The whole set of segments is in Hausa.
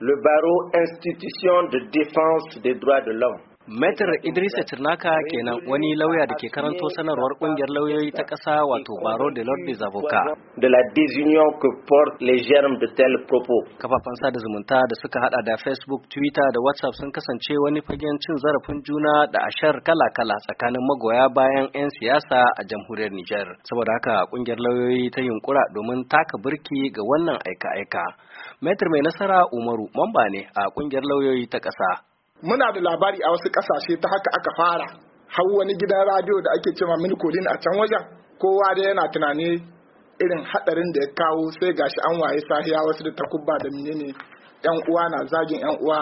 le barreau institution de défense des droits de l'homme. Metar Idris Tirnaka kenan wani lauya da ke karanto sanarwar kungiyar lauyoyi ta ƙasa wato Baro de Lord des Avocats. De la désunion que porte les germes de tel propos. Kafafen sada zumunta da suka hada da Facebook, Twitter da WhatsApp sun kasance wani fagen cin zarafin juna da ashar kala-kala tsakanin magoya bayan 'yan siyasa a jamhuriyar Nijar. Saboda haka kungiyar lauyoyi ta yunkura domin taka birki ga wannan aika-aika. Metar mai nasara Umaru mamba ne a kungiyar lauyoyi ta ƙasa. muna da labari a wasu kasashe ta haka aka fara har wani gidan radio da ake cewa milkolin a can wajen kowa da yana tunani irin hadarin da ya kawo sai gashi an waye sahiya wasu da takubba da menene yan uwa na zagin yan uwa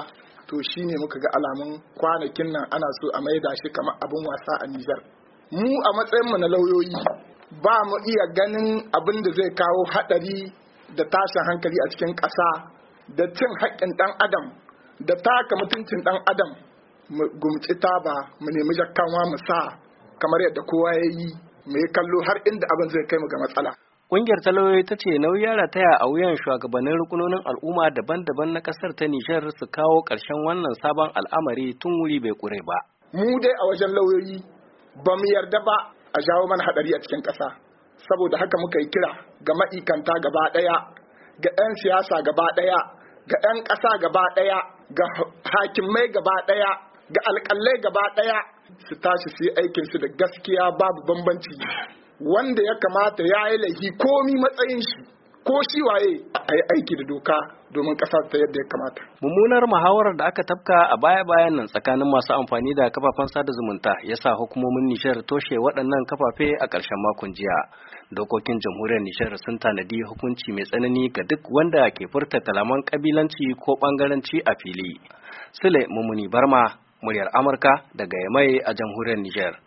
to shine muka ga alamun kwanakin nan ana so a maida shi kamar abin wasa a Nijar mu a matsayinmu na lauyoyi ba mu iya ganin abin da zai kawo hadari da tashin hankali a cikin ƙasa da cin haƙƙin ɗan adam da taka mutuncin dan adam mu gumci taba mu nemi jakkanwa mu sa kamar yadda kowa ya yi mu yi kallo har inda abin zai kai mu ga matsala Ƙungiyar talauyoyi ta ce ta rataya a wuyan shugabannin rukunonin al'umma daban-daban na kasar ta Nijar su kawo ƙarshen wannan sabon al'amari tun wuri bai kure ba. Mu dai a wajen lauyoyi ba mu yarda ba a jawo mana haɗari a cikin ƙasa. Saboda haka muka yi kira ga ma'ikanta gaba ɗaya, ga 'yan siyasa gaba ɗaya, ga 'yan ƙasa gaba ɗaya, ga hakimai gaba daya ga alƙalai gaba daya su tashi su yi su da gaskiya babu bambanci wanda ya kamata ya yi lahi komi matsayin shi ko shi waye a yi aiki da doka domin ƙasa ta yadda ya kamata. Mummunar muhawarar da aka tafka a baya-bayan nan tsakanin masu amfani da kafafen sada zumunta ya sa hukumomin Nishar toshe waɗannan kafafe a ƙarshen makon jiya. Dokokin jamhuriyar Nishar sun tanadi hukunci mai tsanani ga duk wanda ke furta kalaman kabilanci ko ɓangaranci a fili. Sule Mumuni Barma, muryar Amurka daga Yamai a jamhuriyar Nijar.